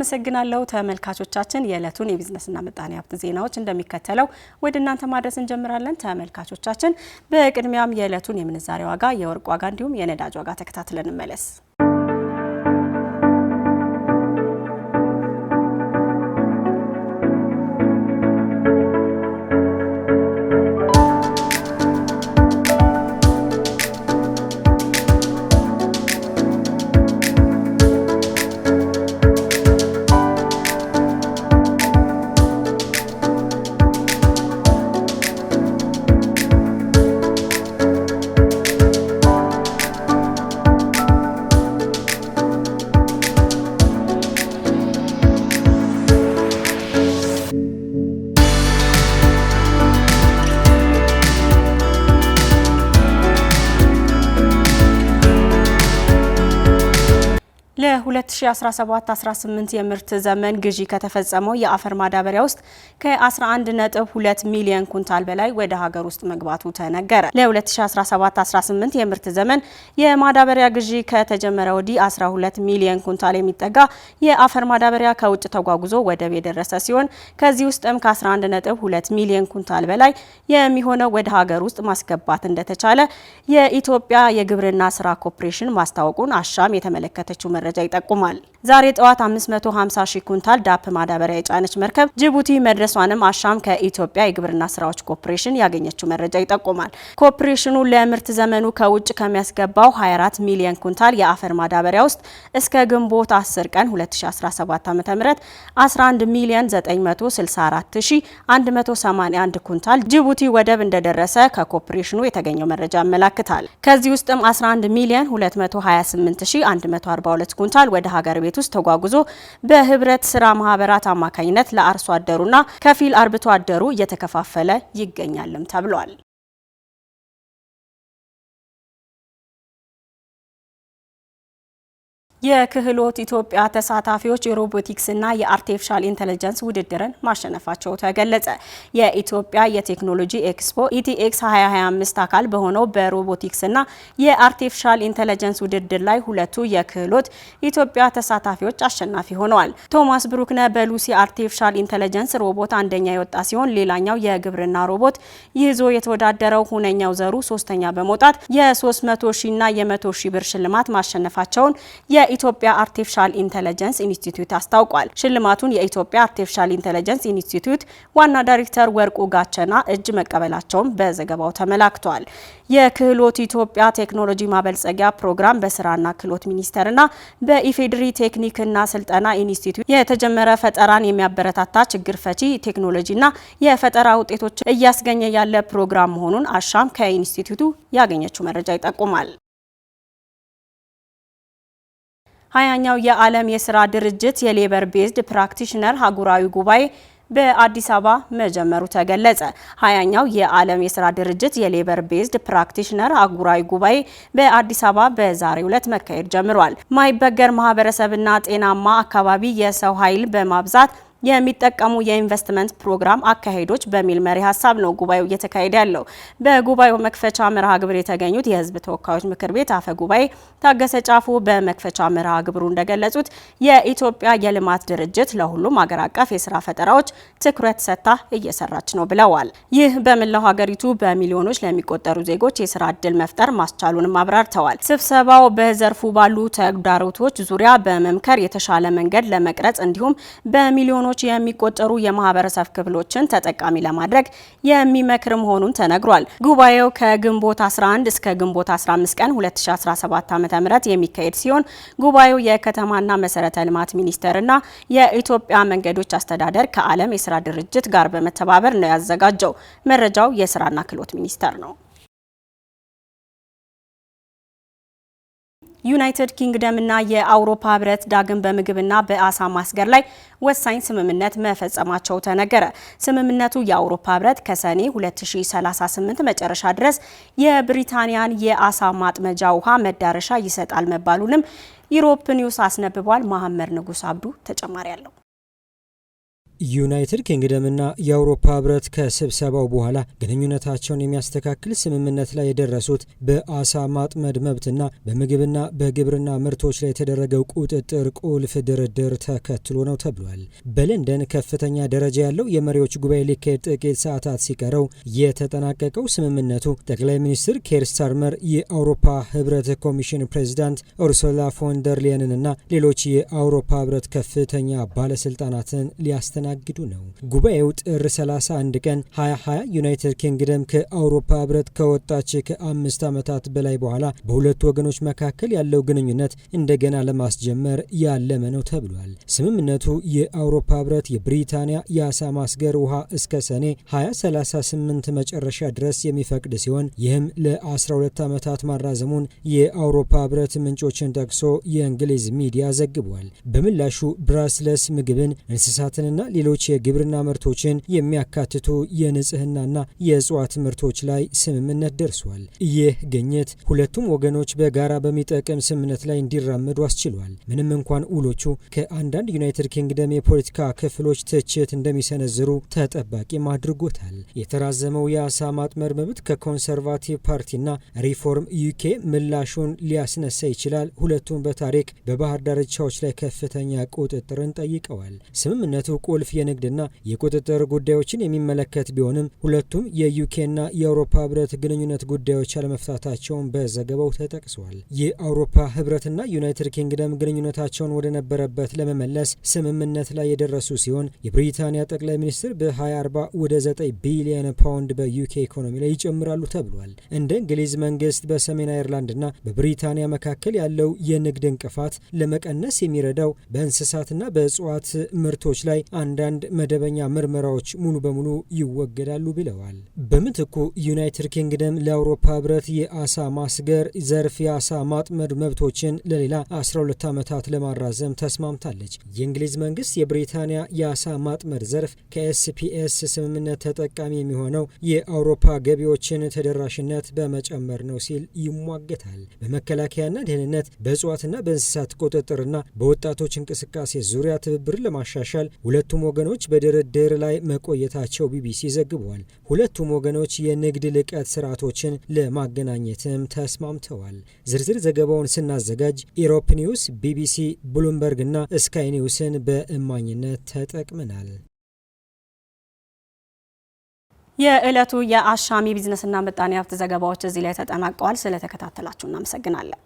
አመሰግናለሁ። ተመልካቾቻችን የዕለቱን የቢዝነስና ምጣኔ ሀብት ዜናዎች እንደሚከተለው ወደ እናንተ ማድረስ እንጀምራለን። ተመልካቾቻችን በቅድሚያም የዕለቱን የምንዛሬ ዋጋ፣ የወርቅ ዋጋ እንዲሁም የነዳጅ ዋጋ ተከታትለን እንመለስ። ለ2017-18 የምርት ዘመን ግዢ ከተፈጸመው የአፈር ማዳበሪያ ውስጥ ከ11.2 ሚሊዮን ኩንታል በላይ ወደ ሀገር ውስጥ መግባቱ ተነገረ። ለ2017-18 የምርት ዘመን የማዳበሪያ ግዢ ከተጀመረ ወዲህ 12 ሚሊዮን ኩንታል የሚጠጋ የአፈር ማዳበሪያ ከውጭ ተጓጉዞ ወደብ የደረሰ ሲሆን ከዚህ ውስጥም ከ11.2 ሚሊዮን ኩንታል በላይ የሚሆነው ወደ ሀገር ውስጥ ማስገባት እንደተቻለ የኢትዮጵያ የግብርና ስራ ኮርፖሬሽን ማስታወቁን አሻም የተመለከተችው መረጃ መረጃ ይጠቁማል። ዛሬ ጠዋት 550 ሺህ ኩንታል ዳፕ ማዳበሪያ የጫነች መርከብ ጅቡቲ መድረሷንም አሻም ከኢትዮጵያ የግብርና ስራዎች ኮርፖሬሽን ያገኘችው መረጃ ይጠቁማል። ኮርፖሬሽኑ ለምርት ዘመኑ ከውጭ ከሚያስገባው 24 ሚሊዮን ኩንታል የአፈር ማዳበሪያ ውስጥ እስከ ግንቦት 10 ቀን 2017 ዓ.ም 11 ሚሊዮን 964181 ኩንታል ጅቡቲ ወደብ እንደደረሰ ከኮርፖሬሽኑ የተገኘው መረጃ ያመላክታል። ከዚህ ውስጥም 11 ሚሊዮን 228142 ኩንታል ወደ ሀገር ቤት ቤት ውስጥ ተጓጉዞ በህብረት ስራ ማህበራት አማካኝነት ለአርሶ አደሩና ከፊል አርብቶ አደሩ እየተከፋፈለ ይገኛልም ተብሏል። የክህሎት ኢትዮጵያ ተሳታፊዎች የሮቦቲክስና የአርቲፊሻል ኢንተለጀንስ ውድድርን ማሸነፋቸው ተገለጸ። የኢትዮጵያ የቴክኖሎጂ ኤክስፖ ኢቲኤክስ 2025 አካል በሆነው በሮቦቲክስና የአርቲፊሻል ኢንተለጀንስ ውድድር ላይ ሁለቱ የክህሎት ኢትዮጵያ ተሳታፊዎች አሸናፊ ሆነዋል። ቶማስ ብሩክነ በሉሲ አርቲፊሻል ኢንተለጀንስ ሮቦት አንደኛ የወጣ ሲሆን፣ ሌላኛው የግብርና ሮቦት ይዞ የተወዳደረው ሁነኛው ዘሩ ሶስተኛ በመውጣት የ300 ሺና የ100 ሺ ብር ሽልማት ማሸነፋቸውን የኢትዮጵያ አርቲፊሻል ኢንተለጀንስ ኢንስቲትዩት አስታውቋል። ሽልማቱን የኢትዮጵያ አርቲፊሻል ኢንተለጀንስ ኢንስቲትዩት ዋና ዳይሬክተር ወርቁ ጋቸና እጅ መቀበላቸውን በዘገባው ተመላክቷል። የክህሎት ኢትዮጵያ ቴክኖሎጂ ማበልጸጊያ ፕሮግራም በስራና ክህሎት ሚኒስቴርና በኢፌዴሪ ቴክኒክና ስልጠና ኢንስቲትዩት የተጀመረ ፈጠራን የሚያበረታታ ችግር ፈቺ ቴክኖሎጂና የፈጠራ ውጤቶች እያስገኘ ያለ ፕሮግራም መሆኑን አሻም ከኢንስቲትዩቱ ያገኘችው መረጃ ይጠቁማል። ሀያኛው የዓለም የስራ ድርጅት የሌበር ቤዝድ ፕራክቲሽነር ሀጉራዊ ጉባኤ በአዲስ አበባ መጀመሩ ተገለጸ። ሀያኛው የዓለም የስራ ድርጅት የሌበር ቤዝድ ፕራክቲሽነር አህጉራዊ ጉባኤ በአዲስ አበባ በዛሬው ዕለት መካሄድ ጀምሯል። ማይበገር ማህበረሰብና ጤናማ አካባቢ የሰው ኃይል በማብዛት የሚጠቀሙ የኢንቨስትመንት ፕሮግራም አካሄዶች በሚል መሪ ሀሳብ ነው ጉባኤው እየተካሄደ ያለው። በጉባኤው መክፈቻ መርሃ ግብር የተገኙት የህዝብ ተወካዮች ምክር ቤት አፈ ጉባኤ ታገሰ ጫፉ በመክፈቻ መርሃ ግብሩ እንደገለጹት የኢትዮጵያ የልማት ድርጅት ለሁሉም አገር አቀፍ የስራ ፈጠራዎች ትኩረት ሰጥታ እየሰራች ነው ብለዋል። ይህ በመላው ሀገሪቱ በሚሊዮኖች ለሚቆጠሩ ዜጎች የስራ እድል መፍጠር ማስቻሉንም አብራርተዋል። ስብሰባው በዘርፉ ባሉ ተግዳሮቶች ዙሪያ በመምከር የተሻለ መንገድ ለመቅረጽ እንዲሁም በሚሊዮኖ በሚሊዮኖች የሚቆጠሩ የማህበረሰብ ክፍሎችን ተጠቃሚ ለማድረግ የሚመክር መሆኑን ተነግሯል። ጉባኤው ከግንቦት 11 እስከ ግንቦት 15 ቀን 2017 ዓ.ም የሚካሄድ ሲሆን ጉባኤው የከተማና መሰረተ ልማት ሚኒስቴርና የኢትዮጵያ መንገዶች አስተዳደር ከዓለም የስራ ድርጅት ጋር በመተባበር ነው ያዘጋጀው። መረጃው የስራና ክህሎት ሚኒስቴር ነው። ዩናይትድ ኪንግደምና የአውሮፓ ህብረት ዳግም በምግብና በአሳ ማስገር ላይ ወሳኝ ስምምነት መፈጸማቸው ተነገረ። ስምምነቱ የአውሮፓ ህብረት ከሰኔ 2038 መጨረሻ ድረስ የብሪታንያን የአሳ ማጥመጃ ውሃ መዳረሻ ይሰጣል መባሉንም ዩሮፕ ኒውስ አስነብቧል። መሐመድ ንጉስ አብዱ ተጨማሪ አለው። ዩናይትድ ኪንግደምና የአውሮፓ ህብረት ከስብሰባው በኋላ ግንኙነታቸውን የሚያስተካክል ስምምነት ላይ የደረሱት በአሳ ማጥመድ መብትና በምግብና በግብርና ምርቶች ላይ የተደረገው ቁጥጥር ቁልፍ ድርድር ተከትሎ ነው ተብሏል። በለንደን ከፍተኛ ደረጃ ያለው የመሪዎች ጉባኤ ሊካሄድ ጥቂት ሰዓታት ሲቀረው የተጠናቀቀው ስምምነቱ ጠቅላይ ሚኒስትር ኬር ስታርመር፣ የአውሮፓ ህብረት ኮሚሽን ፕሬዚዳንት ኡርሱላ ፎንደርሊየንን እና ሌሎች የአውሮፓ ህብረት ከፍተኛ ባለስልጣናትን ሊያስተናል ሲያስተናግዱ ነው። ጉባኤው ጥር 31 ቀን 2020 ዩናይትድ ኪንግደም ከአውሮፓ ህብረት ከወጣች ከአምስት ዓመታት በላይ በኋላ በሁለቱ ወገኖች መካከል ያለው ግንኙነት እንደገና ለማስጀመር ያለመ ነው ተብሏል። ስምምነቱ የአውሮፓ ህብረት የብሪታንያ የአሳ ማስገር ውሃ እስከ ሰኔ 2038 መጨረሻ ድረስ የሚፈቅድ ሲሆን ይህም ለ12 ዓመታት ማራዘሙን የአውሮፓ ህብረት ምንጮችን ጠቅሶ የእንግሊዝ ሚዲያ ዘግቧል። በምላሹ ብራስለስ ምግብን እንስሳትንና ሌሎች የግብርና ምርቶችን የሚያካትቱ የንጽህናና የእጽዋት ምርቶች ላይ ስምምነት ደርሷል። ይህ ግኝት ሁለቱም ወገኖች በጋራ በሚጠቅም ስምምነት ላይ እንዲራመዱ አስችሏል። ምንም እንኳን ውሎቹ ከአንዳንድ ዩናይትድ ኪንግደም የፖለቲካ ክፍሎች ትችት እንደሚሰነዝሩ ተጠባቂም አድርጎታል። የተራዘመው የአሳ ማጥመር መብት ከኮንሰርቫቲቭ ፓርቲና ሪፎርም ዩኬ ምላሹን ሊያስነሳ ይችላል። ሁለቱም በታሪክ በባህር ዳርቻዎች ላይ ከፍተኛ ቁጥጥርን ጠይቀዋል። ስምምነቱ ቁልፍ የንግድና የቁጥጥር ጉዳዮችን የሚመለከት ቢሆንም ሁለቱም የዩኬና የአውሮፓ ህብረት ግንኙነት ጉዳዮች አለመፍታታቸውን በዘገባው ተጠቅሷል። የአውሮፓ ህብረትና ዩናይትድ ኪንግደም ግንኙነታቸውን ወደነበረበት ለመመለስ ስምምነት ላይ የደረሱ ሲሆን የብሪታንያ ጠቅላይ ሚኒስትር በ2040 ወደ 9 ቢሊዮን ፓውንድ በዩኬ ኢኮኖሚ ላይ ይጨምራሉ ተብሏል። እንደ እንግሊዝ መንግስት በሰሜን አየርላንድና በብሪታንያ መካከል ያለው የንግድ እንቅፋት ለመቀነስ የሚረዳው በእንስሳትና በእጽዋት ምርቶች ላይ አንዳንድ መደበኛ ምርመራዎች ሙሉ በሙሉ ይወገዳሉ ብለዋል። በምትኩ ዩናይትድ ኪንግደም ለአውሮፓ ህብረት የአሳ ማስገር ዘርፍ የአሳ ማጥመድ መብቶችን ለሌላ 12 ዓመታት ለማራዘም ተስማምታለች። የእንግሊዝ መንግስት የብሪታንያ የአሳ ማጥመድ ዘርፍ ከኤስፒኤስ ስምምነት ተጠቃሚ የሚሆነው የአውሮፓ ገቢዎችን ተደራሽነት በመጨመር ነው ሲል ይሟገታል። በመከላከያና ደህንነት፣ በእጽዋትና በእንስሳት ቁጥጥርና በወጣቶች እንቅስቃሴ ዙሪያ ትብብርን ለማሻሻል ሁለቱም ሁለቱም ወገኖች በድርድር ላይ መቆየታቸው ቢቢሲ ዘግቧል። ሁለቱም ወገኖች የንግድ ልቀት ስርዓቶችን ለማገናኘትም ተስማምተዋል። ዝርዝር ዘገባውን ስናዘጋጅ ኢሮፕ ኒውስ፣ ቢቢሲ፣ ብሉምበርግ እና ስካይ ኒውስን በእማኝነት ተጠቅመናል። የዕለቱ የአሻሚ ቢዝነስና ምጣኔ ሀብት ዘገባዎች እዚህ ላይ ተጠናቀዋል። ስለተከታተላችሁ እናመሰግናለን።